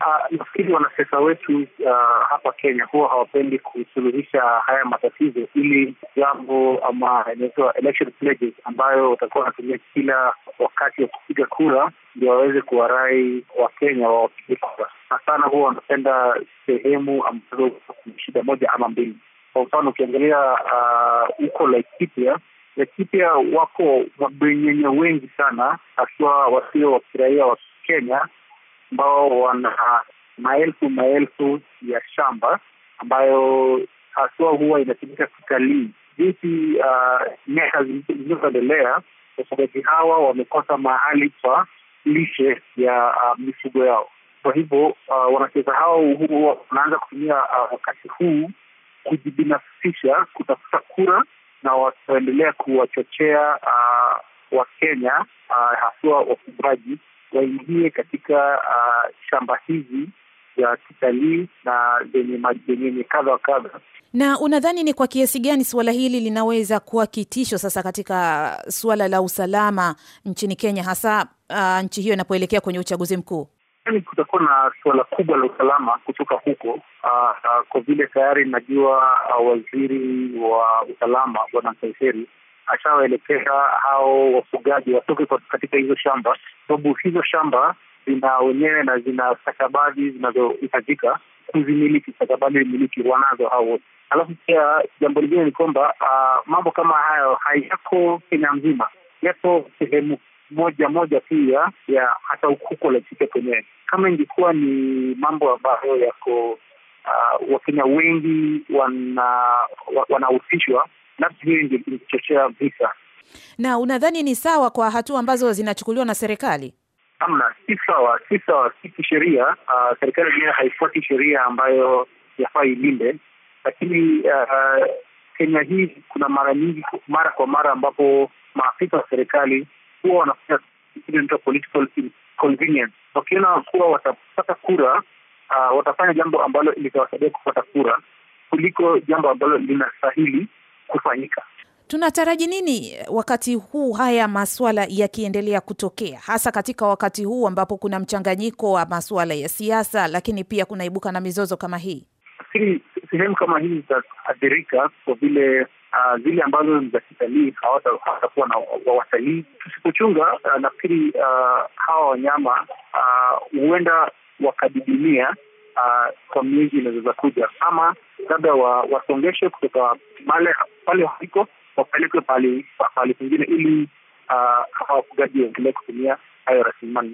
nafkiri ah, nafikiri wanasiasa wetu uh, hapa Kenya huwa hawapendi kusuluhisha haya matatizo, ili jambo ama inaitwa election pledges ambayo watakuwa wanatumia kila wakati wa kupiga kura ndio waweze kuwarai Wakenya wawapige kura. Na sana huwa wanapenda sehemu ambazo kuna shida moja ama mbili. Kwa mfano ukiangalia ah, huko uh, Laikipia Laikipia wako mabwenyenye wengi sana, haswa wasio wakiraia wa Kenya ambao wana maelfu maelfu ya shamba ambayo haswa huwa inatumika kitalii. Jinsi uh, miaka zilizoendelea, wafugaji hawa wamekosa mahali pa lishe ya uh, mifugo yao. Kwa hivyo uh, wanacheza hao huwa wanaanza kutumia uh, wakati huu kujibinafsisha, kutafuta kura, na wataendelea kuwachochea uh, Wakenya uh, haswa wafugaji waingie katika uh, shamba hizi za kitalii na zenye kadha wa kadha. Na unadhani ni kwa kiasi gani suala hili linaweza kuwa kitisho sasa katika suala la usalama nchini Kenya, hasa uh, nchi hiyo inapoelekea kwenye uchaguzi mkuu? Yani kutakuwa na suala kubwa la usalama kutoka huko uh, uh, kwa vile tayari najua uh, waziri wa usalama bwana Kaiseri ashawaelekeza hao wafugaji watoke katika hizo shamba, sababu hizo shamba zina wenyewe na zina stakabadhi zinazohitajika kuzimiliki, stakabadhi miliki wanazo hao wote. Alafu pia jambo lingine ni kwamba uh, mambo kama hayo hayako Kenya mzima, yapo sehemu moja moja pia ya hata huko Laikipia kwenyewe. Kama ingekuwa ni mambo ambayo yako uh, Wakenya wengi wanahusishwa wana nafsi hiyo ndio ilichochea vita. Na unadhani ni sawa kwa hatua ambazo zinachukuliwa na serikali? Amna, si sawa, si sawa, si kisheria. Uh, serikali yenyewe haifuati sheria ambayo yafaa ilinde, lakini uh, Kenya hii kuna mara nyingi, mara kwa mara, ambapo maafisa wa serikali huwa wanafanya political convenience, wakiona kuwa watapata kura uh, watafanya jambo ambalo litawasaidia kupata kura kuliko jambo ambalo linastahili kufanyika. Tunataraji nini wakati huu haya maswala yakiendelea kutokea, hasa katika wakati huu ambapo kuna mchanganyiko wa maswala ya siasa, lakini pia kunaibuka na mizozo kama hii? sehemu kama hii zitaathirika kwa vile uh, zile ambazo za kitalii hawatakuwa na watalii. Tusipochunga uh, nafikiri uh, hawa wanyama huenda uh, wakadidimia uh, kwa miezi inazoza kuja ama labda wa, wasongeshe kutoka male pale waliko wapelekwe pahali pengine, ili ah, hawafugaji uh, waendelee kutumia hayo rasilimali